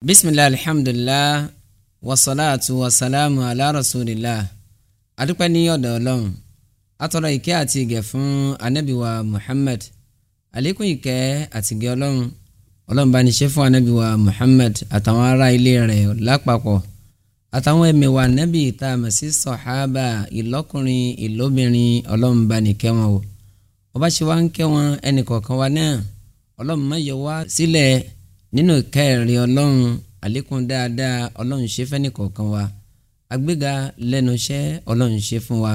bisimilahi alihamdulilah wasalaatu wasalaamu ala rasulillah adúpẹ́ ní ọ̀dọ̀ ọlọ́run atọrọ ìkẹ́ àti ìgẹ̀ fún anabiwa muhammad àlékún ìkẹ́ àti ìgẹ̀ ọlọ́run ọlọ́run bá ní ṣe fún anabiwa muhammad àtàwọn ará ilé rẹ̀ lápapọ̀ àtàwọn ẹ̀mẹ̀wà anabi tá a mọ̀ sí sọ̀hábà ìlọ́kùnrin ìlóbìnrin ọlọ́run bá ní kẹ́ wọn o ọba ṣe wá ń kẹ́ ẹnì kọ̀ọ̀kan wa náà ọlọ́run má yọ wá si nínú kẹrin ọlọ́run àlékún dáadáa ọlọ́run ṣe fẹ́ni kọ̀ọ̀kan wa agbéga lẹ́nu iṣẹ́ ọlọ́run ṣe fún wa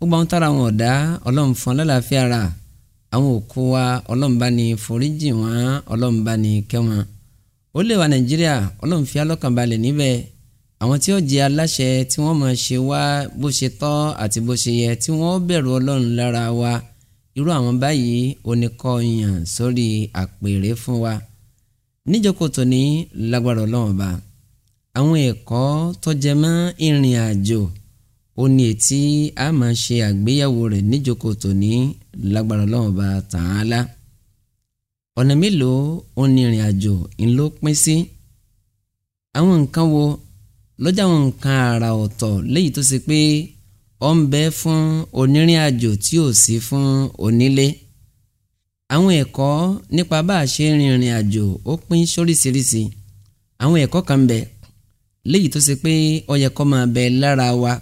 ó gbọ́n tára àwọn ọ̀dá ọlọ́run fún ọlọ́láfíà rà àwọn òkú wa ọlọ́run bá ní foríjì wọn ọlọ́run bá ní kẹ́ wọn ó lè wa nàìjíríà ọlọ́run fi alọ́kànbalẹ̀ níbẹ̀ àwọn tí ó jẹ́ aláṣẹ tí wọ́n máa ṣe wá bó ṣe tọ́ àti bó ṣe yẹ tí wọ́n bẹ̀rù ọlọ́run lára wa irú àwọn báyìí oníkọ́ sórí àpèrè fún wa níjókòó tòní lágbára ọlọ́run bá àwọn ẹ̀kọ́ tó jẹ mọ́ ìrìn àjò ó ní etí a máa ṣe àgbéyẹ̀wò rẹ̀ níjókòó tòní lágbára ọlọ́run bá tààlà ọ̀nà mélòó ó ní ìrìn àjò ńlọ pín sí àwọn nǹkan wo lọ́jà àwọn nǹkan àrà ọ̀tọ̀ léyìí tó ṣe pé ó fún onírìn àjò tí ò sí fún onílé àwọn ẹ̀kọ́ nípa bá a ṣe rin ìrìn àjò ó pín sóríṣiríṣi àwọn ẹ̀kọ́ kan bẹ léyìí tó ṣe pé ó yẹ kó máa bẹ lára wa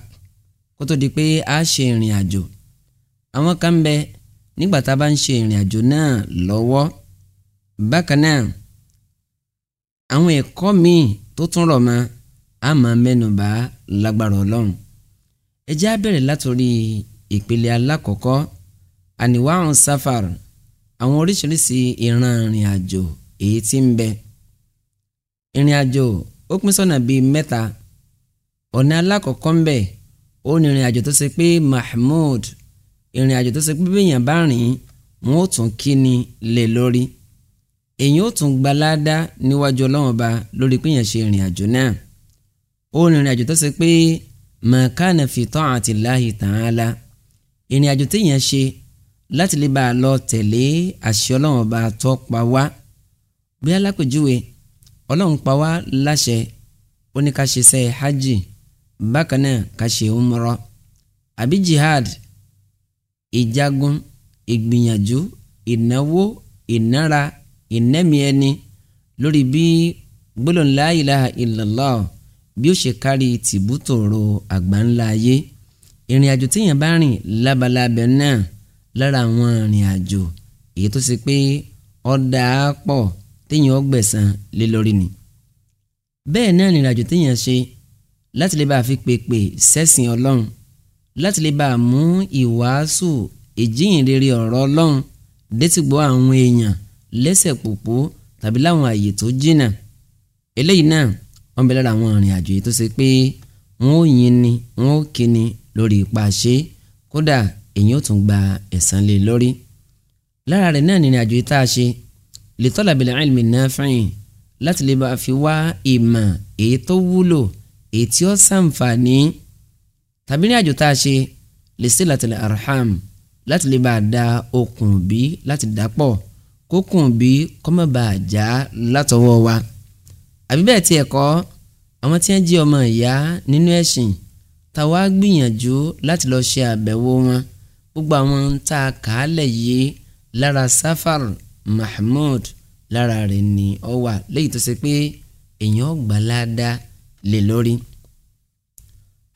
kó tó di pé a ṣe ìrìn àjò àwọn kan bẹ nígbà tá a bá ń ṣe ìrìn àjò náà lọ́wọ́ bákan náà àwọn ẹ̀kọ́ míì tó tún rọ̀ mọ́ a máa mẹ́nubà lágbára ọlọ́run ẹ á bẹ̀rẹ̀ látòrí ìpele alákọ̀ọ́kọ́ àníwáhùn sáfàrù àwọn oríṣiríṣi ìran ìrìn àjò èyí tí ń bẹ ìrìn àjò ó pín sọ́nà bíi mẹ́ta ọ̀nà alákọ̀ọ́kọ́ ń bẹ ó ní ìrìn àjò tó ṣe pé mahmud ìrìn àjò tó ṣe pé bíyàn bá rìn wọn ó tún kí ni lè lórí èyàn ó tún gbalada níwájú ọlọ́run ọba lórí pínyàn ṣe ìrìn àjò náà ó ní ìrìn àjò tó ṣe pé màkànà fi ta'ati Allahi ta'ala ìrìn àjò téèyàn ṣe láti lè bá a lọ tẹ̀lé àṣẹ ọlọ́run ọba tó pa wá bí alápèjúwe ọlọ́run pa wá láṣẹ ó ní ká ṣe sẹ́ hajj bákan náà ká ṣe umrọ àbí jihad ìjagun ìgbìyànjú ìnáwó ìnára ìnẹ́mi ẹni lórí bí gbólóhùn la ilaha bí ó ṣe kárí tìbútòrò àgbáńlá ayé ìrìn àjò téèyàn bá rìn lábalábẹ náà lára àwọn arìnrìn àjò èyí tó ṣe pé ọ̀dà pọ̀ téèyàn ọgbẹ̀sán lé lórí ni bẹ́ẹ̀ náà ìrìn àjò téèyàn ṣe láti lè bá a fi pèpè sẹ́sìn ọlọ́run láti lè bá a mú ìwàásù ìjíhìnrere ọ̀rọ̀ ọlọ́run détìgbọ́ àwọn èèyàn lẹ́sẹ̀ pòpó tàbí láwọn àyè tó jìnnà eléyìí náà wọ́n bẹ lára àwọn ìrìn àjò yìí tó ṣe pé wọ́n ò yin ni wọ́n ò kíni lórí ipa ṣe kódà èyí ó tún gba ẹ̀san lé lórí lára rẹ̀ náà nìrìn àjò tá a ṣe li talabil ilmi nafi'in láti lè bá a fi wá ìmọ̀ èyí tó wúlò èyí tí ó ṣàǹfààní tàbí ní àjò tá a ṣe li silatil arham láti lè bá da okùn bí láti dàpọ̀ kókùn bí kọ́mọ̀ bá a já látọwọ́ wa àbí bẹ́ẹ̀ tiẹ̀ kọ́ àwọn tí wọ́n jẹ́ ọmọ ìyá nínú ẹ̀sìn táwa gbìyànjú láti lọ ṣe àbẹ̀wò wọn gbogbo àwọn tá a kà á lẹ̀ yìí lára Safar Mahmud lára rẹ̀ ni ọ wà léyìí tó ṣe pé èèyàn gbàládá lè lórí.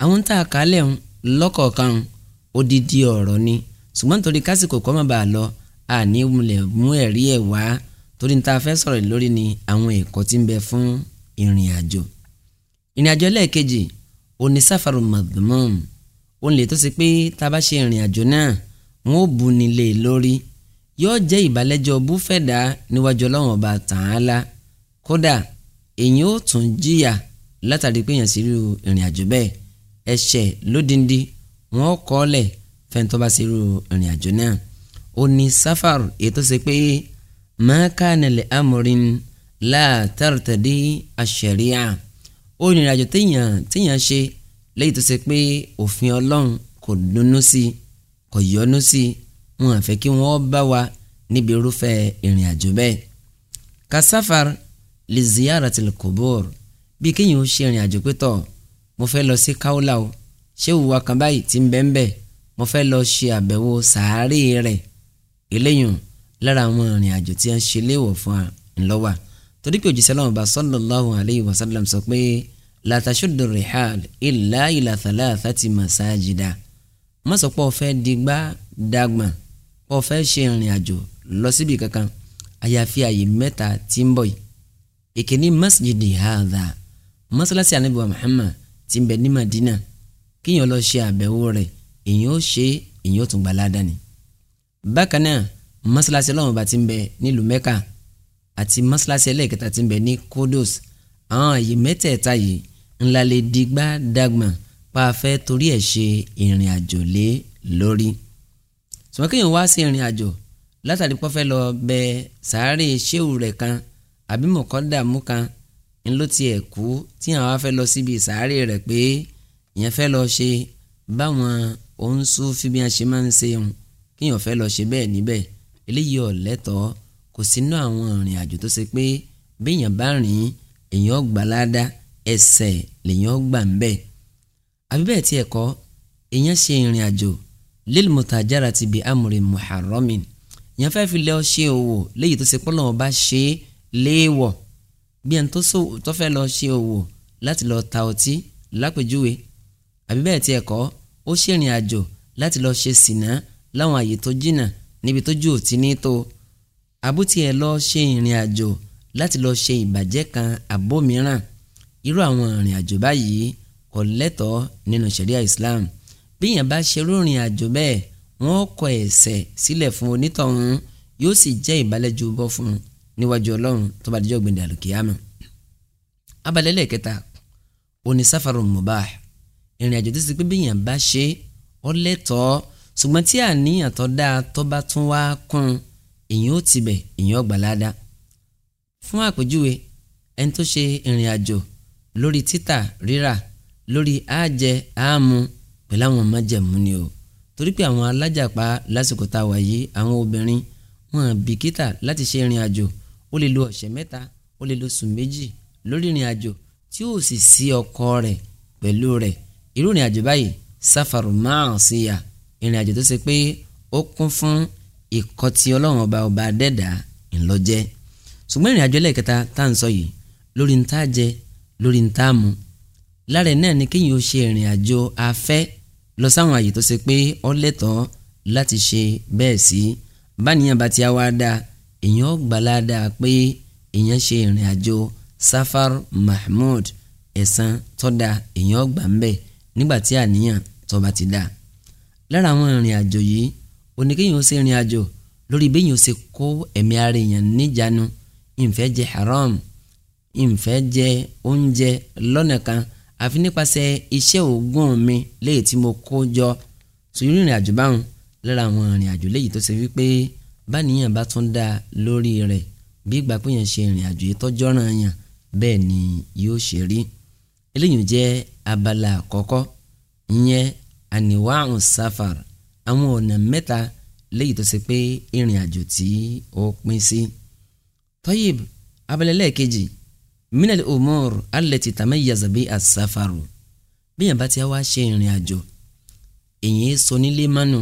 àwọn tá a kà á lẹ̀ ń lọ́kọ̀ọ̀kan odidi ọ̀rọ̀ ni ṣùgbọ́n torí kásìkò kọ́ máa bá a lọ àní múlẹ̀ mú ẹ̀rí ẹ̀ wá torí níta fẹ́ sọ̀rọ̀ lórí ni àwọn ẹ̀kọ́ tí ń bẹ fún ìrìn àjò ìrìn àjò lẹ́ẹ̀kejì oní Safar òun lè tó ṣe pé tá a bá ṣe ìrìn àjò náà wọn ò bu nílé e lórí yóò jẹ́ ìbálẹ́jọ́ búfẹ̀dá níwájú ọlọ́run ọba tààlà kódà èyàn ó tún jìyà látàrí pé èyàn sì rí ìrìn àjò bẹ́ẹ̀ ẹ̀ṣẹ̀ lódindi wọn ó kọ́ ọ́lẹ̀ fẹ́ntọ́ bá sì rí ìrìn àjò náà ó ní sáfàr ètò ṣe pé mọ́kànnìlẹ̀ amúrin látàrí tàdí àṣẹríà ó ní ìrìn àjò téèyàn téèyàn ṣe lẹ́yìn tó ṣe pé òfin ọlọ́run kò dunnú sí i kò yọnu sí i wọn à fẹ́ kí wọ́n bá wa níbi irúfẹ́ ìrìn àjò bẹ́ẹ̀ kasafar lè ziyara til kubur bí kéèyàn ó ṣe ìrìn àjò pétọ́ mo fẹ́ lọ sí kaula o ṣé òwúwa kan báyìí ti ń bẹ́ẹ̀ bẹ́ẹ̀ mo fẹ́ lọ ṣe àbẹ̀wò sàárè rẹ̀ eléyìí lára àwọn ìrìn àjò tí a ṣe léèwọ̀ fún wa ńlọ́wà torí pé òjíṣẹ́ lọ́wọ́ bá sallallahu alayhi wa sallam sọ pé látàṣọdọ rihad ilà ìlàtàlà àti masajida má sọ pé o fẹ́ digbá dagbọ̀n o fẹ́ ṣe ìrìn àjò lọ síbi kankan àyàfi àyè mẹ́ta tí ń bọ̀ yìí ìkíní masjidi hadha masalasi anabi wa muhammad tí ń bẹ ní madina kíyàn lọ ṣe àbẹ̀wò rẹ̀ èyàn ó ṣe èyàn ó tún gbà ládàá bákan náà masalasi ọlọ́run ti ń bẹ nílùú mẹ́ka àti masalasi ẹlẹ́ẹ̀kẹta ti ń bẹ ní kodos àwọn àyè mẹ́tẹ̀ẹ̀ta yìí ńlá lè digbá dàgbà pa afẹ́ torí ẹ̀ ṣe ìrìn àjò lé lórí. ṣùgbọ́n kéèyàn wá sí ìrìn àjò látàrí pọ́fẹ́ lọ bẹ sàárè ṣéwù rẹ̀ kan àbí mọ̀kọ́dàmú kan ńlọ tiẹ̀ kú tí àwọn afẹ́ lọ síbi sàárè rẹ̀ pé ìyẹn fẹ́ lọ ṣe báwọn òun sún fi bí a ṣe máa ń ṣe òun kéèyàn fẹ́ lọ ṣe bẹ́ẹ̀ níbẹ̀ eléyìí ò kò sínú àwọn ìrìn àjò tó ṣe pé béèyàn bá rìn èèyàn gbà ládàá ẹsẹ̀ lèyàn gbà ń bẹ̀ àbí bẹ́ẹ̀ tiẹ̀ kọ́ èèyàn ṣe ìrìn àjò lil mutajarati bi amri muharramin èèyàn fẹ́ fi lọ ṣe òwò léyìí tó ṣe pọ́ lọ́wọ́ bá ṣe é léèwọ̀ bí ẹni tó fẹ́ lọ ṣe òwò láti lọ ta ọtí lápèjúwe àbí bẹ́ẹ̀ tiẹ̀ kọ́ ó ṣèrìn àjò láti lọ ṣe sìnà láwọn àyè tó jìnnà níbi tójú òtí ní tó àbútiẹ̀ lọ ṣe ìrìn àjò láti lọ ṣe ìbàjẹ́ kan àbó mìíràn irú àwọn ìrìn àjò báyìí kò lẹ́tọ̀ọ́ nínú ṣẹ̀ríà Islam bí yẹn bá ṣerú ìrìn àjò bẹ́ẹ̀ wọ́n kọ ẹ̀ṣẹ̀ sílẹ̀ fún onítọ̀hún yóò sì jẹ́ ìbálẹ́jú bọ́ fún un níwájú ọlọ́run tó bá dijọ́ gbẹ̀dẹ̀ àlùkìyàmù. abalẹ̀ lẹ́ẹ̀kẹta òní sáfàrò mubah ìrìn àjò tó ti pé bí yẹn bá ṣe ó lẹ́tọ̀ọ́ ṣùgbọ́n tí àníyàn tó dáa tó bá tún wá kún èyàn ó tibẹ̀ èyàn ó gbàládá fún àpèjúwe ẹni tó ṣe ìrìn àjò lórí títà rírà lórí àjẹ àmú pẹ̀lú àwọn májẹ̀mú ni o torí pé àwọn alájàpá lásìkò tá a wà yìí àwọn obìnrin wọn bìkítà láti ṣe ìrìn àjò ó lè lo ọ̀sẹ̀ mẹ́ta ó lè lo sùn méjì lórí ìrìn àjò tí ó sì sí ọkọ rẹ̀ pẹ̀lú rẹ̀ irú ìrìn àjò báyìí sáfàrù márùn sí ya ìrìn àjò tó ṣe pé ó kún fún ìkọtí ọlọ́run ọba ọba dẹ́dà ńlọ́jẹ́ ṣùgbọ́n ìrìn àjò ẹlẹ́ẹ̀kẹta tá à ń sọ yìí lórí ń tá a jẹ lórí ntaamu lára ẹ̀ náà ni kéèyàn ó ṣe ìrìn àjò afẹ́ lọ sáwọn àyè tó ṣe pé ó lẹ́tọ̀ọ́ láti ṣe bẹ́ẹ̀ sí báníyàn bá ti á wá dáa èèyàn ó gbà ládàá pé èèyàn ṣe ìrìn àjò safar mahmud ẹ̀san tọ́da èèyàn ó gbà ń bẹ̀ nígbà tí àníyàn tó bá ti dáa lára àwọn ìrìn àjò yìí oníkéèyàn ó ṣe ìrìn àjò lórí béèyàn ó ṣe kó ẹ̀mí ara èèyàn níjàánu ìfẹ́ jẹ haram ìfẹ́ jẹ oúnjẹ lọ́nà kan àfi nípasẹ̀ iṣẹ́ òògùn mi léyìí tí mo kó jọ sùúrù ìrìn àjò báwọn lára àwọn ìrìn àjò léyìí tó ṣe wípé báníyàn bá tún dá lórí rẹ̀ bí ìgbà pé yẹn ṣe ìrìn àjò yìí tọ́jọ́ ràn yàn bẹ́ẹ̀ ni yóò ṣe rí eléyìí jẹ́ abala àkọ́kọ́ ìyẹn àníwáhùn sáfàr àwọn ọ̀nà mẹ́ta léyìí tó ṣe pé ìrìn àjò tí ó pín sí. tọ́yìb abalẹ̀ lẹ́ẹ̀kejì minal umur allati tamayyaza bi asafaru bíyàn bá ti wá ṣe ìrìn àjò èyí sọ nílé mánu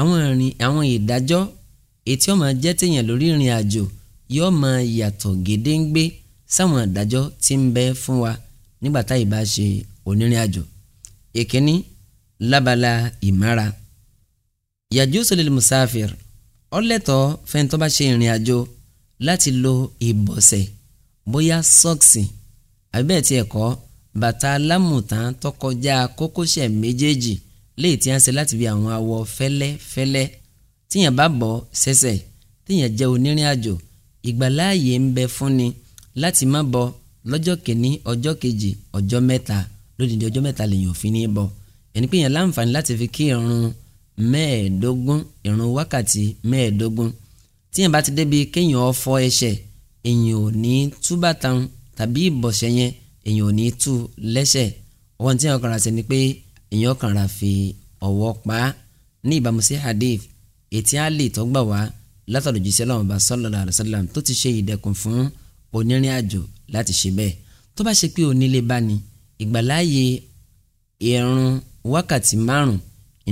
àwọn ìrìn àwọn ìdájọ́ etí ó máa jẹ́ téèyàn lórí ìrìn àjò yóò máa yàtọ̀ gédéǹgbé sáwọn ìdájọ́ tí ń bẹ fún wa nígbà tá ìbá ṣe onírìn àjò ìkíní lábala ìmára yajuzu lil musafir ó fẹ́ntọ́ bá ṣe ìrìn àjò láti lo ìbọ̀sẹ̀ e bóyá sọ́ọ̀sì àbí bẹ́ẹ̀ tiẹ̀ kọ́ bàtà alámùtán tó kọjá kókósẹ̀ méjèèjì léyìí tí a ń ṣe láti fi àwọn awọ fẹ́lẹ́fẹ́lẹ́ tíyàn bá bọ́ sẹ́sẹ̀ tíyàn jẹ́ onírìn àjò ìgbàláàyè ń bẹ fúnni láti má bọ́ lọ́jọ́ kìíní ọjọ́ kejì ọjọ́ mẹ́ta lódìdí ọjọ́ mẹ́ta lèyàn òfin ní bọ́ ẹni pé yẹn láǹfààní láti fi kí irun mẹ́ẹ̀ẹ́dógún irun wákàtí mẹ́ẹ̀ẹ́dógún tíyàn bá ti débi kéèyàn ó fọ ẹsẹ̀ èyàn ò ní tú bàtà tàbí ìbọ̀sẹ̀ yẹn èyàn ò ní tú lẹ́sẹ̀ ọwọ́n tí èyàn kàn ra ṣe ni pé èyàn kàn ra fi ọwọ́ pa á ní ìbámu sí hadith ètí àlè tó gbà wá látọ̀dọ̀ jíṣẹ́ lọ́wọ́ bá sallallahu alaihi wasallam tó ti ṣe ìdẹ̀kùn fún onírìn àjò láti ṣe bẹ́ẹ̀ tó bá ṣe pé onílé bá ní ìgbàláyè ìrun wákàtí márùn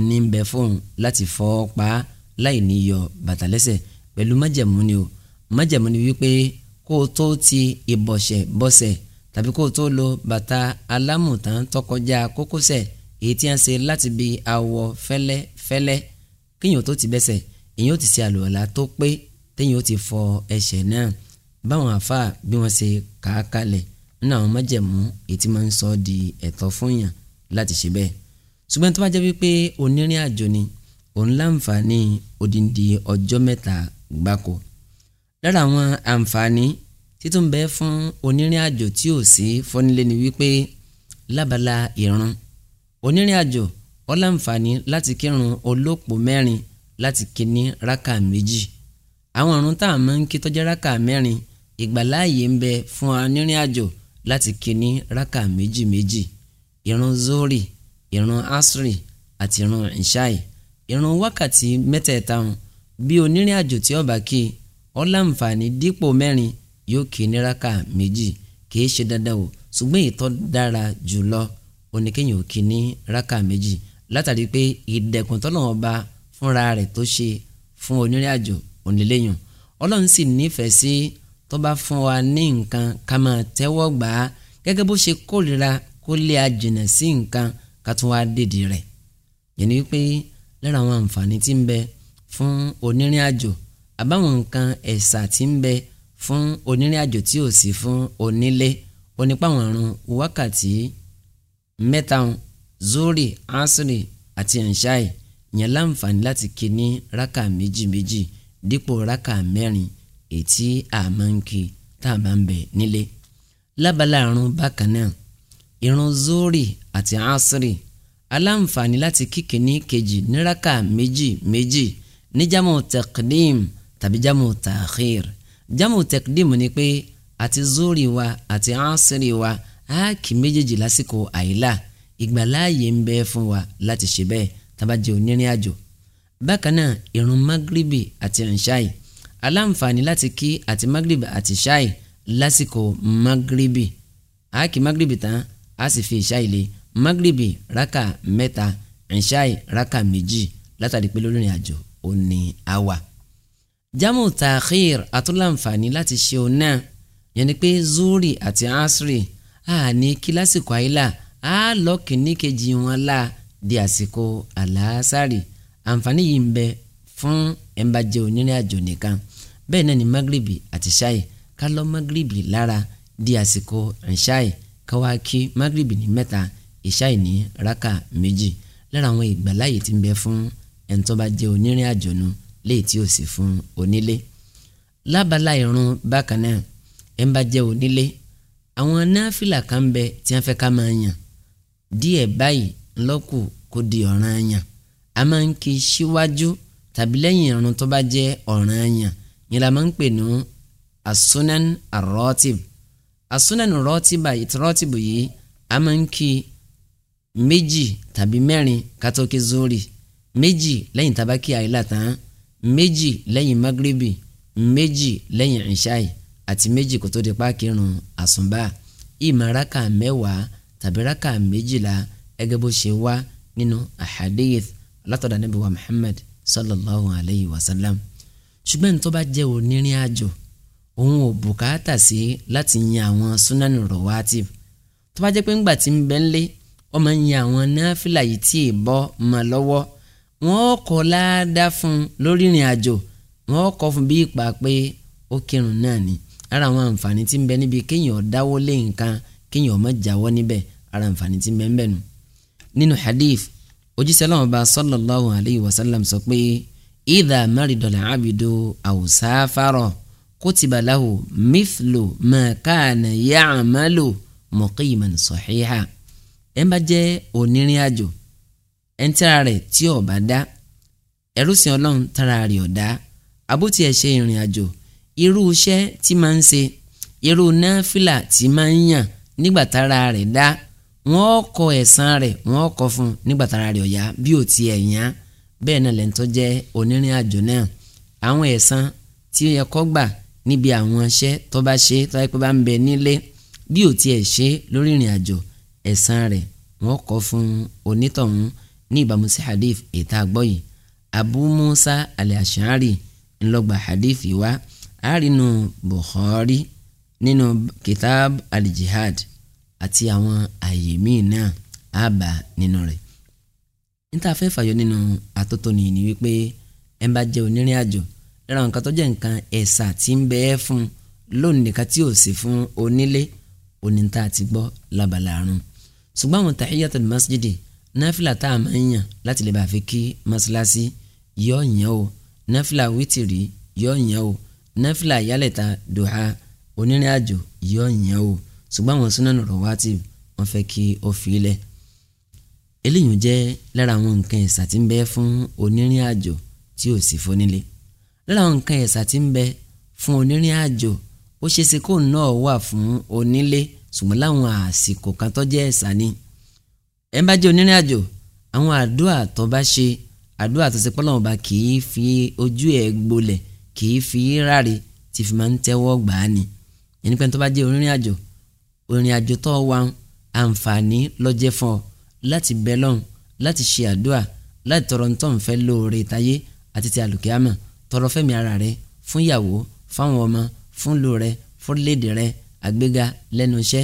ní ń bẹ fóun láti fọ́ pa láì níyọ bàtà lẹ́sẹ̀ pẹ̀lú májẹ̀mú o májẹ̀mú wípé kó o tó ti ìbọ̀sẹ̀ bọ́sẹ̀ tàbí kó o tó lo bàtà alámùtán tọkọjá kókósẹ̀ èyí tí a ń ṣe láti bi awọ fẹ́lẹ́fẹ́lẹ́ kíyàn tó ti bẹ́sẹ̀ èyàn ó ti ṣe àlùwàlá tó pé téyàn ó ti fọ ẹsẹ̀ náà báwọn àfa bí wọ́n ṣe kà nínú àwọn májẹ̀mú èyí tí máa sọ di ẹ̀tọ́ fún yàn láti ṣe bẹ́ẹ̀ ṣùgbọ́n tó bá jẹ́ wípé onírìn àjò ni òun láǹfààní odindi ọjọ́ mẹ́ta gbáko lára àwọn àǹfààní títún bẹ fún onírìn àjò tí ò sí fọ́nilé ni wípé lábala ìrun onírìn àjò ó láǹfààní láti kírun olóòpó mẹ́rin láti kíní rákà méjì àwọn ọ̀run tá a máa ń kí tọ́jú rákà mẹ́rin ìgbàláàyè ń bẹ fún onírìn àjò láti kíní rákà méjì méjì ìrun zori ìrun asri àti ìrun ìṣáì ìrun wákàtí mẹ́tẹ̀ẹ̀ta bí onírìn àjò tí ó kí i ó láǹfààní dípò mẹ́rin yóò kì í níraka méjì kì í ṣe dandan o ṣùgbọ́n ìtọ́ dára jùlọ oníkéyìn ò kì í ní raka méjì látàrí pé ìdẹ̀kùn tọ́nà ọba fúnra rẹ̀ tó ṣe fún onírìn àjò oníléyìn ọlọ́run sì nífẹ̀ẹ́ sí tó bá fún wa ní nǹkan ká máa tẹ́wọ́ gbà á gẹ́gẹ́ bó ṣe kórìíra kó lé a sí nǹkan ká tún wá dèdè rẹ̀ yẹn ni wípé lára àwọn àǹfààní tí ń bẹ fún onírìn àjò àbáwọn nǹkan ẹ̀sà tí ń bẹ fún onírìn àjò tí ò sí fún onílé onípàwọn ọ̀run wákàtí mẹ́ta zori asiri àti ẹ̀ǹṣáì yẹn láǹfààní láti kí ní rákà méjì méjì dípò rákà mẹ́rin ètí àmọ́ǹkì tá a máa ń bẹ̀ nílé lábala àrùn bákan náà irun zori àti asiri aláǹfààní láti kíkì ní kejì níraka méjì méjì níjàmọ̀ tẹ̀kídìm tàbí jámù tàkhir jámù tẹkídìmù ni pé àti zuri wa àti ansiri wa á kì méjèèjì lásìkò àyílà ìgbàláàyè ń bẹ fún wa láti ṣe bẹ́ẹ̀ tábàjẹ́ onírìn àjò bákan náà ìrun magribi àti ìrìnṣáì aláǹfààní láti kí àti magribi àti ṣáì lásìkò magribi á kí magribi tán á sì fi ìṣáì lé magribi raka mẹ́ta ìṣáì raka méjì látàrí pé lórí ìrìn àjò ó ní jamu ta'khir àtúnláǹfààní láti ṣe òun náà yẹn ni pé zuri àti asri àní kí lásìkò àyílà á lọ kìíní kejì wọn la di àsìkò àlàásàrì àǹfààní yìí ń bẹ fún ẹnbàjẹ onírìn àjò nìkan bẹ́ẹ̀ náà ni magrebi àti ṣáì ká lọ magrebi lára di àsìkò ṣáì káwá kí magrebi ní mẹ́ta ìṣáì ní raka méjì lára àwọn ìgbàláyè tí ń bẹ fún ẹni tó bá onírìn àjò nu. No léyìí tí ó sì fún onílé lábala ìrun bákan náà ẹ ń bá jẹ́ onílé àwọn náfìlà kan bẹ tí wọ́n fẹ́ ká máa yàn díẹ̀ báyìí ńlọ́kù kó di ọ̀ranyàn a máa ń kí síwájú tàbí lẹ́yìn ìrun tó bá jẹ́ ọ̀ranyàn yẹn la máa ń pè ní asunan arọ́tìb asunan rọ́tìbà ìtọ́rọ́tìbù yìí a máa ń kí méjì tàbí mẹ́rin ká kí zuri méjì lẹ́yìn tá a àyílà tán méjì lẹ́yìn magrebi méjì lẹ́yìn ìṣáì àti méjì kó tó di pákírun àsùnbà ìmọ̀ràkà mẹ́wàá tàbí ràkà méjìlá ẹgẹ́ bó ṣe wá nínú ahadith látọ̀dá Ànábì wa Muhammad sallallahu alayhi wa sallam ṣùgbọ́n ní tó bá jẹ́ onírìn àjò òun ò bùkátà sí láti yan àwọn súnánù rọwátìb tó bá jẹ́ pé ńgbà tí ń bẹ́ńlé ó máa ń yan àwọn náfìlà yìí tí ì bọ́ mọ́ lọ́wọ́ wọ́n kọ́ ládàá fún lórí ìrìn àjò wọ́n kọ́ fún bí ipa pé ó kírun náà ni ara àwọn àǹfààní tí ń bẹ níbi kéèyàn dáwọ́ lé nǹkan kéèyàn ọmọ jáwọ́ níbẹ̀ ara àǹfààní tí ń bẹ ń bẹ nu. nínú hadith òjíṣẹ́ Ọlọ́hun bá sallallahu alayhi wa sallam sọ pé idha maridọ̀lá abidu aw safara kutiba lahu mithlu ma kana ya'malu muqiman sahiha ẹ̀ ń bá jẹ́ onírìn àjò ẹni tára rẹ̀ tí ò bá dá ẹrú sìn ọlọ́run tára rẹ̀ ò dá àbótí ẹ̀ ṣe ìrìn àjò irú iṣẹ́ tí máa ń ṣe irú náfìlà tí máa ń yàn nígbà tára rẹ̀ dá wọ́n kọ ẹ̀san rẹ̀ wọ́n kọ fún nígbà tára rẹ̀ ò yá bí ò tiẹ̀ yàn bẹ́ẹ̀ náà lẹ́ńtọ́ jẹ́ onírìn àjò náà àwọn ẹ̀san tí ó yẹ kó gbà níbi àwọn iṣẹ́ tó bá ṣe tó yẹ pé bá ń bẹ nílé bí ò tiẹ̀ ṣe lórí ìrìn àjò ẹ̀san rẹ̀ wọ́n kọ fún onítọ̀hún ní ìbámu sí hadith ìta gbọ́ yìí abu musa al-ashari ńlọgba hadith yìí wá àárínú bukhari nínú kitab al-jihad àti àwọn àyè míì náà àbá nínú rẹ̀ níta fẹ́ fàyọ nínú àtótóni ni wípé ẹ bá jẹ́ onírìn àjò lára nǹkan tó jẹ́ nǹkan ẹ̀sà tí ń bẹ́ẹ́ fún lónìí nìkan tí ò sí fún onílé oníta àti gbọ́ labalarun ṣùgbọ́n àwọn tahiyatul masjidi náfìlà tá a máa ń yàn láti lè bá fi kí mọ́ṣáláṣí yóò yàn o náfìlà wítìrì yóò yàn o náfìlà yálẹ̀ta dùhà onírìn àjò yóò yàn o ṣùgbọ́n àwọn súnánù rawatib wọ́n fẹ́ kí ó fi lẹ̀ eléyìí jẹ́ lára àwọn nǹkan ẹ̀sà tí ń bẹ fún onírìn àjò tí ò sì fónílé lára àwọn nǹkan ẹ̀sà tí ń bẹ fún onírìn àjò ó ṣeéṣe kóun náà wà fún onílé ṣùgbọ́n láwọn àsìkò kan tó jẹ́ ẹ̀sà ni ẹ bá jẹ́ onírìn àjò àwọn àdúrà tó bá ṣe àdúrà tó ṣe pé Ọlọ́run bá kì í fi ojú ẹ̀ gbolẹ̀ kì í fi ráre tí fi máa ń tẹ́wọ́ gbà á ni ẹni pé tó bá jẹ́ onírìn àjò onírìn àjò tó wà àǹfààní ló jẹ́ fún ọ láti bẹ Ọlọ́run láti ṣe àdúrà láti tọrọ ntọ́ nfẹ́ lóore táyé àti ti àlùkìyàmọ̀ tọrọ fẹ́mi ara rẹ fún ìyàwó fáwọn ọmọ fún lò rẹ fún léde rẹ àgbéga lẹ́nu iṣẹ́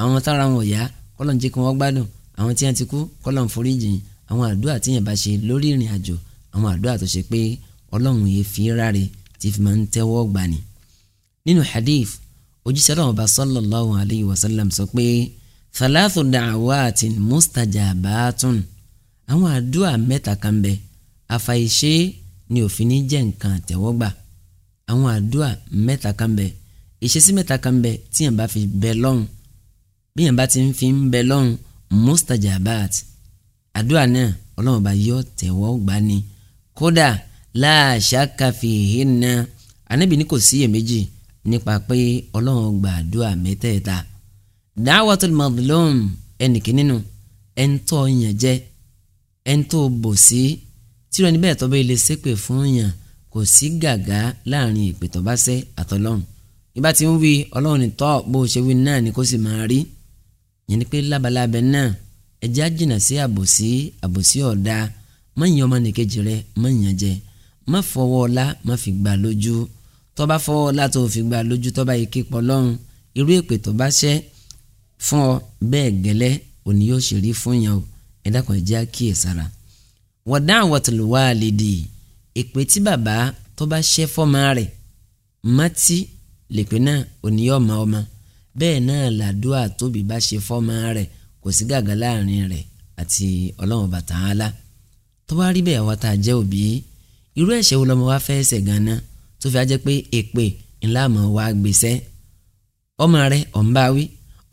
àwọn tára wọn ò yá kọ́lọ́n kí wọ́n gbádùn àwọn tí wọ́n ti kú kọ́lọ́n foríjìn àwọn àdúrà tí yẹn bá ṣe lórí ìrìn àjò àwọn àdúrà tó ṣe pé ọlọ́run yìí fi ráre tí fi máa ń tẹ́wọ́ gbà ní. nínú hadith òjíṣẹ́ ọlọ́run bá sallallahu alayhi wa sallam sọ pé thalathu da'awatin mustajabatun àwọn àdúrà mẹ́ta kan bẹ àfàìṣe ni òfin ní jẹ́ nǹkan àtẹ̀wọ́gbà àwọn àdúrà mẹ́ta kan bẹ ìṣesí mẹ́ta kan bẹ tíyẹn bá fi bẹ lọ́hùn bíyẹn bá ti ń fi ń bẹ lọ́hùn mustajabat àdúrà náà ọlọ́run bá yọ tẹ̀wọ́ gbà ní kódà láàṣà káfíhìn náà anábì ní kò síyèméjì nípa pé ọlọ́run gba àdúrà mẹ́tẹ̀ẹ̀ta da'watul madlum ẹnìkínínú ẹ̀ńtọ́ yàn jẹ́ ẹ̀ńtọ́ bò sí tí wọn níbẹ̀ tọ́ bẹ́ẹ̀ lè ṣépè fún yàn kò sí gàgá láàrin ìpè àtọ́lọ́run ìbá ti ń wí ọlọ́run tọ́ bó ṣe wí náà ni kó sì máa rí yẹn ni pé lábalábẹ́ náà ẹ̀jẹ̀ á jìnnà sí àbòsí àbòsí ọ̀dà má yan ọmọ nìkejì rẹ má yan jẹ má fọwọ́ ọlá má fi gbà lójú tó bá fọwọ́ ọlá tó fi gbà lójú tó bá yẹ kí pọ̀ lọ́run irú èpè tó bá ṣẹ́ fún ọ bẹ́ẹ̀ gẹ́lẹ́ òní yóò ṣe rí fún yàn o ẹ dákun ẹ̀jẹ̀ á kíyèsára wọ̀dá àwọ̀tìlú wà lédè èpè tí bàbá tó bá ṣẹ́ fọ́mọ rẹ̀ mọ́tí lèpè náà òní yóò mọ ọmọ bẹ́ẹ̀ náà làdúà tóbi bá ṣe fọ́mọ rẹ̀ kò sí gàgà láàrin rẹ̀ àti ọlọ́run bàtà ńlá tó bá rí bẹ́ẹ̀ wá tá a jẹ́ òbí irú ẹ̀ṣẹ̀ wo lọ́mọ wa fẹ́ ẹ̀ṣẹ̀ gan-an tó fi ajẹ́ pé èpè ńlá mọ̀ wá gbèsè ọmọ rẹ ọ̀nba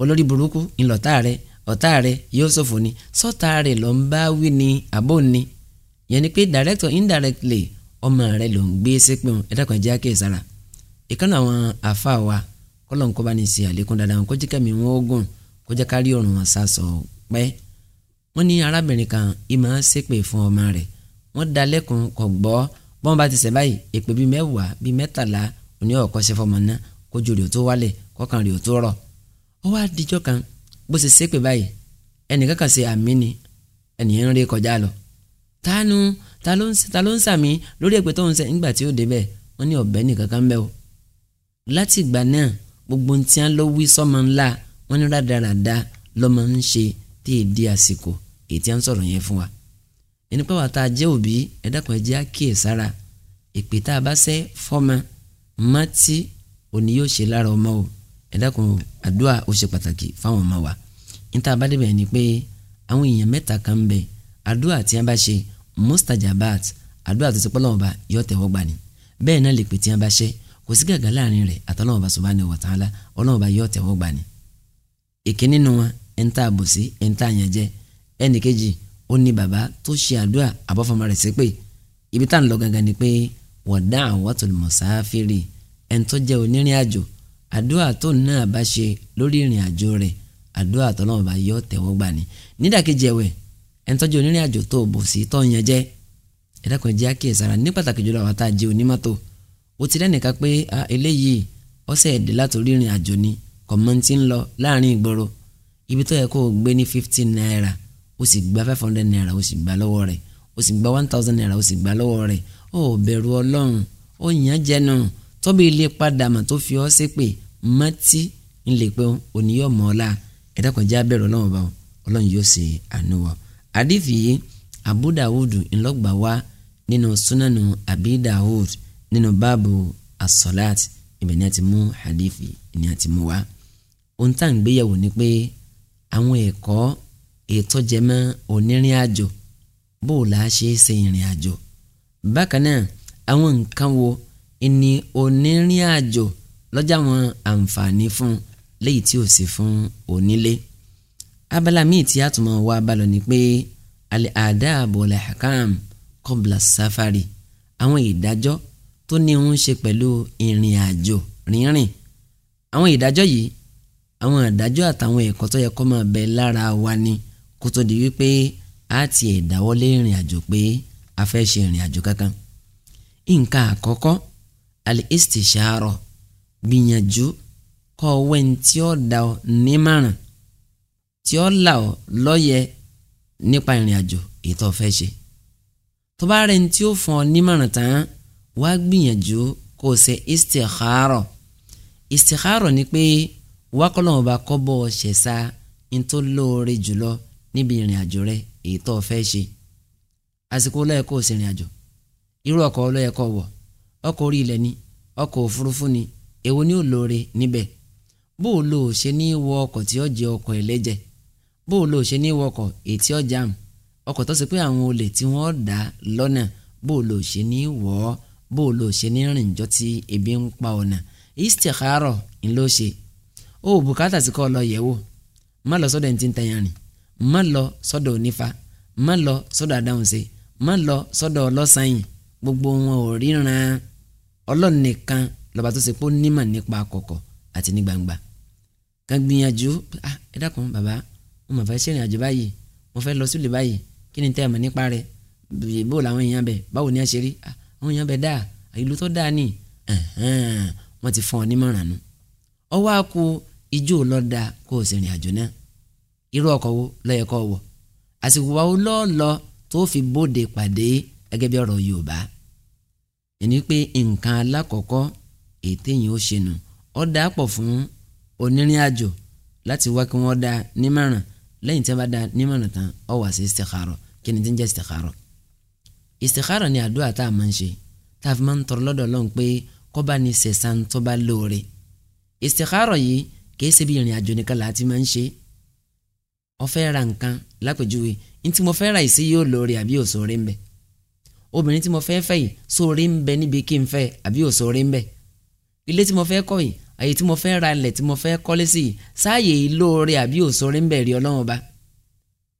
olórí burúkú ńlọ̀tà rẹ ọ̀tá rẹ yóò ni sọ́tà rẹ lọ́n ni àbò ni yẹn ni pé direct indirectly ọmọ rẹ ló ń gbé sépè wọn ẹ̀dá kan jẹ́ àkíyèsára ìkànnì àwọn àfa wa kọ́lọ́n kọ́ bá ní ṣe àlékún dáadáa kó jẹ́ kẹ́mi wọn ogun kó jẹ́ kárí ọ̀run wọn sásọ pẹ́. wọ́n ní arábìnrin kan ìmọ̀ ṣépè fún ọmọ rẹ̀ wọ́n da lẹ́kùn kọ̀ gbọ́ bọ́n bá ti ṣẹ̀ báyìí èpè bíi mẹ́wàá bíi mẹ́tàlá òní ọ̀kọ́ ṣe fọmọ náà kójú rẹ̀ tó wálẹ̀ kọ́kàn rẹ̀ tó rọ̀. ó wá dijọ́ kan bó ṣe ṣépè báyìí ẹnìkan kan ṣe àmì ni ẹnìyẹn gbogbo ntí á lọ wí sọ́mọ ńlá wọn ní rádaràda lọ́mọ ń ṣe tí è di àsìkò ètí à ń sọ̀rọ̀ yẹn fún wa ẹni pé wàá tá a jẹ́ òbí ẹ̀dàkùn ẹ̀jẹ̀ á kíyè sára èpè tá a bá sẹ́ fọ́mọ má tí òní yóò ṣe lára ọmọ o ẹ̀dàkùn àdúrà ó ṣe pàtàkì fáwọn ọmọ wa níta bá débẹ̀ ni pé àwọn èèyàn mẹ́ta kan ń bẹ àdúrà tí a bá ṣe kò sí gàgà láàrin rẹ̀ àtọ́lọ́wọ́n bá subhanahu wa ta'ala ọlọ́wọ́n bá yọ tẹ̀wọ́ gbà ní. èké nínú wọn ẹni tá a bò sí ẹni tá a yàn jẹ ẹni kejì ó ní bàbá tó ṣe àdúrà àbọ̀fọmọ rẹ̀ sí pé ibi tá à ń lọ gangan ni pé wọ̀dà àwọ̀tòlù mọ̀sáfìrì ẹni tó jẹ́ onírìn àjò àdúrà tó náà bá ṣe lórí ìrìn àjò rẹ̀ àdúrà tọ́lọ́wọ́n bá yọ tẹ̀wọ́ gbà ní. nídàkejì ẹ̀wẹ̀ ẹni jẹ́ onírìn àjò tó o ti rẹ́nìkan pé eléyìí ọ̀sẹ̀ èdè látòrí ìrìn àjò ni kọ̀mọ́ntì ń lọ láàrin ìgboro ibi tó yẹ kó o gbé ní fifteen naira o sì gba five hundred naira o sì gba lọ́wọ́ rẹ̀ o sì gba one thousand naira o sì gba lọ́wọ́ rẹ̀ o ò bẹ̀rù ọlọ́run ó yàn jẹnu tọ́bi ilé padà mà tó fi ọ́ ṣépè mọ́tí ń lè pé òní yóò mọ̀ ọ́ la ẹ̀dá já bẹ̀rù ọlọ́run bá ọlọ́run yóò ṣe àánú wa. àdìfì yìí Abu Dawud ńlọgbà wá nínú súnánù Abi Dawud nínú báàbù asọ́láàtì ibẹ̀ ni a ti mú hadithi ni a ti mú wá ohun tá à ń gbéyàwó ni pé àwọn ẹ̀kọ́ ètò jẹmọ́ onírìn àjò bó o là á ṣe é ṣe ìrìn àjò bákan náà àwọn nǹkan wo ni onírìn àjò lọ́jà wọn àǹfààní fún léyìí tí ò sí fún onílé abala míì tí a tún máa wá balọ̀ ni pé al-adab wal-ahkam qabla safari àwọn ìdájọ́ tó ní ń ṣe pẹ̀lú ìrìn àjò rínrìn àwọn ìdájọ́ yìí àwọn ìdájọ́ àtàwọn ẹ̀kọ́ tó yẹ kó máa bẹ lára wa ni kó tó di wípé a ti ẹ̀ dáwọ́lé ìrìn àjò pé a fẹ́ ṣe ìrìn àjò kankan nǹkan àkọ́kọ́ al-istishara gbìyànjú kọ́ wẹ́n tí ó dá ọ nímọ̀ràn tí ó là ọ lọ́yẹ nípa ìrìn àjò èyí tó fẹ́ ṣe tó bá rẹ̀ ń tí ó fún ọ nímọ̀ràn tán wá gbìyànjú kó o ṣe istikharo istikharo ni pé wá kọ́lọ́wọ́n bá kọ́ bọ́ ọ ṣẹ̀ṣà ní tó lóore jùlọ níbi ìrìn àjò rẹ èyí tó o fẹ́ ṣe àsìkò lọ́yẹ̀ kó o sì rìn àjò irú ọkọ̀ lọ́yẹ̀ kó o wọ̀ ọkọ̀ orí ilẹ̀ ni ọkọ̀ òfurufú ni èwo ni ó lóore níbẹ̀ bó o lò ó ṣe ní wọ ọkọ̀ tí ó jẹ ọkọ̀ ẹlẹ́jẹ̀ bó o lò ó ṣe ní wọ ọkọ̀ ètí ọjà ọkọ̀ tó ṣe pé àwọn olè tí wọ́n dá lọ́nà bó o lò ó ṣe ní wọ̀ ọ́ bó o lò ṣe ní rìn jọ tí ebi ń pa ọ̀nà istikharo ń lọ ṣe ó bùkátà sí kọ́ ọ lọ yẹ̀ wò má lọ sọ́dọ̀ ẹni tí ń tẹ̀yàn rìn má lọ sọ́dọ̀ onífa má lọ sọ́dọ̀ adáhùnṣe má lọ sọ́dọ̀ ọlọ́sàn-yìn gbogbo wọn ò ríran ọlọ́run nìkan lọ́ba tó ṣe pé ó nímọ̀ nípa kọ̀kọ̀ àti ní gbangba kan gbìyànjú ah ẹ dákun bàbá mo mà fẹ́ ṣèrìn àjò báyìí mo fẹ́ lọ sílùú báyìí kí ni tẹ́ ẹ mọ̀ nípa rẹ̀ bó làwọn èèyàn bẹ̀ báwo ni ẹ ṣe rí ah àwọn èèyàn bẹ̀ dáa ìlú tó dáa ni wọ́n ti fún ọ nímọ̀ràn nu ọwọ́ àkó ijó lọ́dà kó o sì rìn àjò náà irú ọkọ̀ wo lọ́yẹ kọ́ wọ̀ àsìkò wa lọ́ọ̀lọ́ tó fi bóde pàdé gẹ́gẹ́ bí ọ̀rọ̀ Yorùbá ẹni pé nǹkan alákọ̀ọ́kọ́ ètè yìí ó ṣe nù ó dáa pọ̀ fún onírìn àjò láti wá kí wọ́n dá nímọ̀ràn lẹ́yìn tí wọ́n bá dá nímọ̀ràn tán ó wá sí istikharo kí ni tí ń jẹ́ istikharo istikhara ni àdúrà tá a máa ń ṣe tá a fi máa ń tọrọ lọ́dọ̀ Ọlọ́run pé kó bá ní sẹ̀sán tó bá lóore istikhara yìí kìí ṣe bí ìrìn àjò nìkan láti máa ń ṣe ó fẹ́ ra nǹkan lápèjúwe ní tí mo fẹ́ ra ìsí yóò lóore àbí òṣòre ń bẹ obìnrin tí mo fẹ́ fẹ́ yìí sóore ń bẹ níbi kí n fẹ́ àbí òṣòre ń bẹ ilé tí mo fẹ́ kọ́ yìí àyè tí mo fẹ́ ra ilẹ̀ tí mo fẹ́ kọ́lé sí yìí sáàyè ìlóore àbí òṣòre ń bẹ rí Ọlọ́run ọba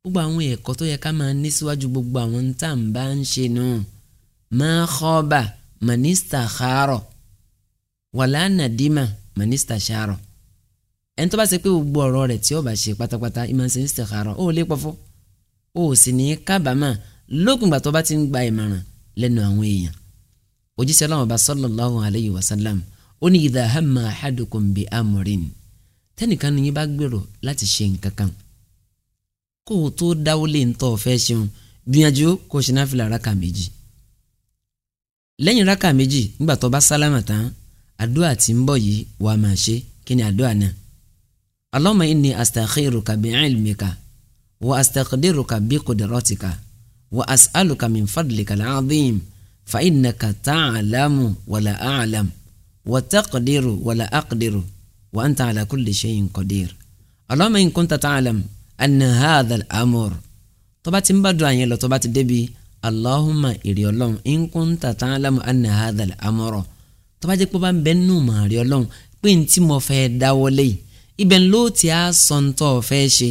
gbogbo àwọn ẹ̀kọ́ tó yẹ ká máa ní síwájú gbogbo àwọn tá à ń bá ń ṣe nù máa khaba mànísítà xaarọ̀ wàlá nàdímà mànísítà ṣaarọ̀ ẹni tó bá ṣe pé gbogbo ọ̀rọ̀ rẹ̀ tí ó bá ṣe pátápátá ìmọ̀ ṣe ń ṣe xaarọ̀ ó lè pọ̀fọ́ ó sì ní kábàámà lókùngbà tó bá ti ń gba ìmọ̀ràn lẹ́nu àwọn èèyàn òjíṣẹ́ aláwọ̀ bá sallallahu alayhi wa sallam ó ní idha hamma ahadukum bi amrin tẹ́nìkan ni yín bá gbèrò láti ṣe nǹkan kan kó o tó dáwó lè ń tọ́ ọ fẹ́ ṣeun gbìyànjú kó o ṣe náfìlà rákà méjì lẹ́yìn rákà méjì nígbà tó bá sálámà tán àdúrà tí ń bọ̀ yìí wàá máa ṣe kí ni àdúrà náà Allahumma inni astakhiruka bi ilmika wa astaqdiruka bi qudratika wa as'aluka min fadlika al-azim fa innaka ta'lamu wala a'lam wa taqdiru wala aqdiru wa anta ala kulli shay'in qadir Allahumma in kunta ta'lam anna hadha al-amr tó bá ti ń bá dùn àyẹn lọ tó bá ti débi Allahumma èrè ọlọ́run in kunta ta'lamu anna hadha al-amr tó bá jẹ́ pé bá ń bẹ́ nù mà rí ọlọ́run pé n tí mo fẹ́ dáwọ́lé yìí ibẹ̀ ń ló ti á sọ ń fẹ́ ṣe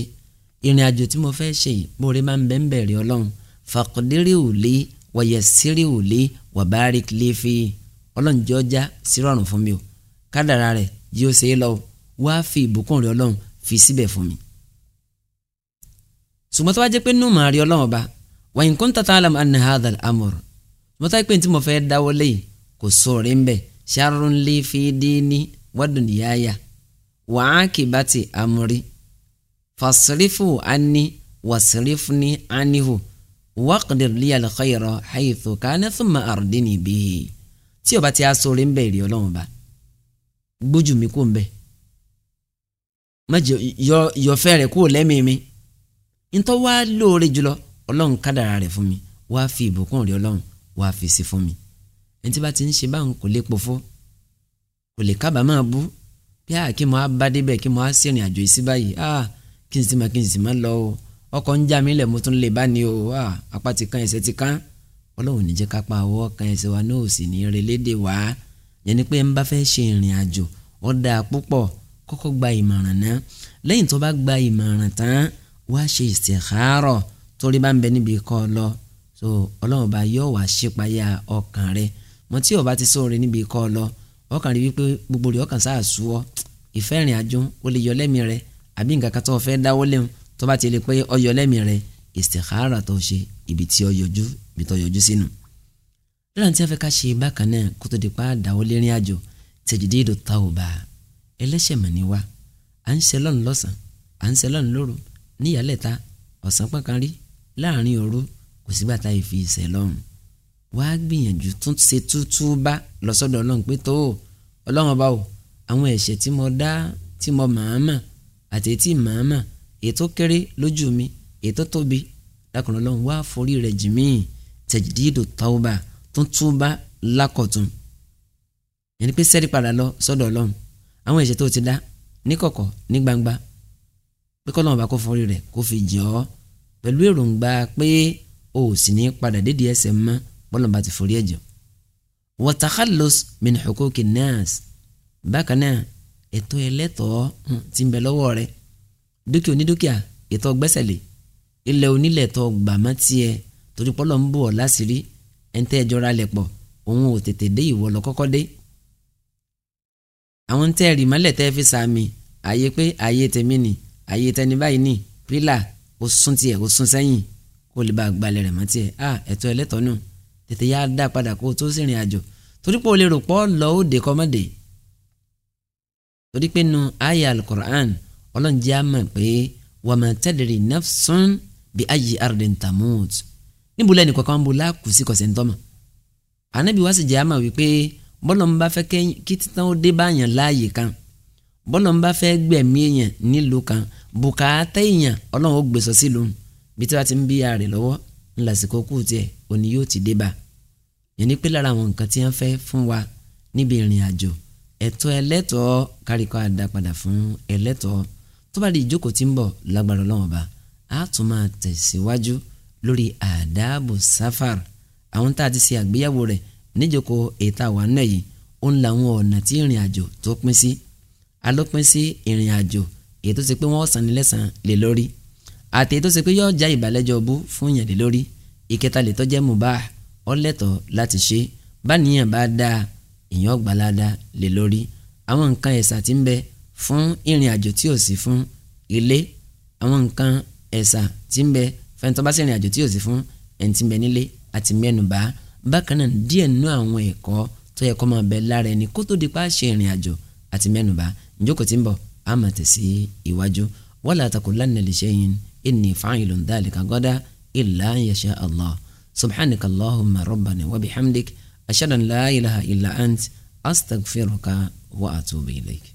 ìrìn àjò tí mo fẹ́ ṣe bóore máa ń bẹ́ ń bẹ̀rẹ̀ ọlọ́run fàkọ́dérè ò lé wọ̀yẹ̀sírè ò lé wàbárík ọlọ́run jẹ́ ọjà sí fún mi o kádàrá rẹ̀ yóò ṣe é lọ wá fi ìbùkún rẹ̀ ọlọ́run fi síbẹ̀ fún mi ṣùgbọ́n tó bá jẹ́ pé nínú màá rí ọlọ́run ọba wa in kunta ta'lam anna hadha al-amr ṣùgbọ́n tó bá jẹ́ pé tí mo fẹ́ dáwọ́ lẹ́yìn kò sóore ń bẹ̀ sharrun li fi dini wa dunyaya wa akibati amri fasrifu anni wasrifni anhu waqdir li al-khayra haythu kana thumma ardini bihi tí o ti aṣọre ń bẹ̀ rí ọlọ́run ọba gbójú mi kò ń bẹ̀ má yọ fẹ́ rẹ̀ kúrò lẹ́mìí mi. mi ntọ́ wá lóore jùlọ ọlọ́run kádàrà rẹ̀ fún mi wá fi ìbùkún rẹ̀ ọlọ́run wá fi sí fún mi ẹni tí bá ti ń ṣe báwọn kò lè pòfó kò lè kábàámọ̀ bú bí a kí mo á bá débẹ̀ kí mo á sìnrìn àjò yìí sí báyìí a kí n sì máa kí n sì máa lọ o ọkọ̀ ń já mi lẹ̀ mo tún lè bá ní o a apá ti kan ẹsẹ̀ ti kan ọlọ́run ní ká pa ọwọ́ kan ẹsẹ̀ wa náà sì ní relédè wá yẹn ni pé ń bá fẹ́ ṣe ìrìn àjò ó dáa púpọ̀ kọ́kọ́ gba ìmọ̀ràn náà lẹ́yìn tó bá gba ìmọ̀ràn tán wá ṣe ìsìnkárọ̀ torí bá ń bẹ níbi kọ́ lọ so ọlọ́run bá yọ wá ṣípayà ọkàn rẹ mọ tí o bá ti sóore níbi kọ́ lọ ọkàn rí wípé gbogbo rẹ ọkàn sáà sú ọ ìfẹ́ ìrìn àjò ó lè yọ lẹ́mìí rẹ àbí nǹkan kan tó o fẹ́ dáwọ́ lẹ́hùn tó bá ti lè pé ọ yọ lẹ́mìí rẹ ìsìnkárọ̀ tó ṣe ibi tí ọ yọjú ibi tó yọjú sínú. lọ́la tí a fẹ́ ká ṣe bákan náà kó tó di pa dáwọ́ lérìn àjò tajdidu níyàlẹ́ta ọ̀sán pàkárí láàrin òru kò sígbà tá a fi ìṣẹ̀ lọ́rùn wàá gbìyànjú tún ṣe tútú bá lọ́sọ̀dọ̀ ọlọ́run pé tó ọlọ́run ọba o àwọn ẹ̀ṣẹ̀ tí mo dá tí mo màámà àti tí màámà ètò kéré lójú mi ètò tóbi dákùnrin ọlọ́run wàá forí rẹ̀ jì mí tẹ̀jídìdò tàwùbà tún túbà lákọ̀tún yẹn ni pé sẹ́rí padà lọ sọ́dọ̀ ọlọ́run àwọn ẹ̀ṣẹ̀ tó ti dá níkọ̀kọ̀ ní gbangba pé kọ́ lọ́wọ́ bá kó forí rẹ̀ kó fi jẹ́ ọ́ pẹ̀lú èròǹgbà pé o ò sì ní padà dédé ẹsẹ̀ mọ́ bọ́lọ̀ bá ti forí ẹ̀jọ̀ watakhallus min huquqi nas bákan náà ẹ̀tọ́ ẹlẹ́tọ̀ọ́ hmm, ti ń bẹ lọ́wọ́ rẹ̀ dúkìá onídúkìá ìtọ́ gbẹ́sẹ̀lé ilẹ̀ onílẹ̀ tọ́ gbàmọ́ tiẹ̀ torí pọ́lọ́ ń bọ̀ láṣìírí ẹ̀ńtẹ́ ẹ̀jọra lẹ̀ pọ̀ òun ò tètè dé ìwọ lọ kọ́kọ́ dé àwọn ń mọ́lẹ̀ tẹ́ fi sàmì àyè pé àyè tèmi nìí àyè tẹni báyìí nì pílà ó sún tiẹ̀ ó sún sẹ́yìn kó lè bá a gbalẹ̀ rẹ̀ mọ́ tiẹ̀ à ah, ẹ̀tọ́ ẹlẹ́tọ́ nù tètè yá dá padà kó o tó sì rìn àjò torí pé o lè rò pọ́ lọ òde kọ́mọ́dé torí pé nu àyà alukur'an ọlọ́njẹ́ á mọ̀ pé wa ma tadri nafsun bi ayyi ardin tamut níbulẹ̀ ní kankan bó lákùsí kọ̀sẹ̀ ń tọ́mọ̀ ànábi wá sì jẹ́ á mọ̀ wípé bọ́lọ̀ ń bá fẹ́ kí títàn ó dé báyàn láàyè kan bọ́lọ̀ ń bá fẹ́ gbẹ̀mí èèyàn nílùú kan bùkátà èèyàn ọlọ́run ó gbèsò sílùú bí tí wàá ti ń bí ara rẹ̀ lọ́wọ́ ńlásìkò kù tiẹ̀ òní yóò ti dé bá yẹn ni pé lára àwọn nǹkan tí wọ́n fẹ́ fún wa níbi ìrìn àjò ẹ̀tọ́ ẹlẹ́tọ̀ọ́ káríkọ́ àdápadà fún ẹlẹ́tọ̀ọ́ tó bá di ìjókòó tí ń bọ̀ lágbára ọlọ́run ọba á tún máa tẹ̀síwájú lórí àdáàbò sáfàr àwọn tá a ti ṣe àgbéyàwó rẹ̀ níjókòó ètò àwọn náà yìí ó ń la àwọn ọ̀nà tí ìrìn àjò tó pín sí alópin sí ìrìn àjò èyí tó ṣe pé wọ́n san ní lẹ́san lé lórí àti èyí tó ṣe pé yóò já ìbàlẹ́jọ́ bú fún yàn lé lórí ìkẹta lè tó jẹ́ mubah ọlẹ́tọ̀ láti ṣe báníyàn bá dáa èèyàn gbalada lé lórí àwọn nǹkan ẹ̀sà tí ń bẹ fún ìrìn àjò tí ò sí fún ilé àwọn nǹkan ẹ̀sà tí ń bẹ fẹ́ntọ́ bá sí ìrìn àjò tí ò sí fún ẹni bẹ nílé àti mẹ́nubà bákan náà díẹ̀ nínú àwọn ẹ̀kọ́ tó yẹ kó máa bẹ lára ẹni kó tó di pa ṣe ìrìn àjò àti mẹ́nubà njókòó tí ń bọ̀ a máa tẹ̀sí iwájú wala taqulanna li shay'in inni fa'ilun dhalika ghadan illa an yasha Allah subhanaka Allahumma rabbana wa bihamdik ashhadu an la ilaha illa ant astaghfiruka wa atubu lẹ́kì.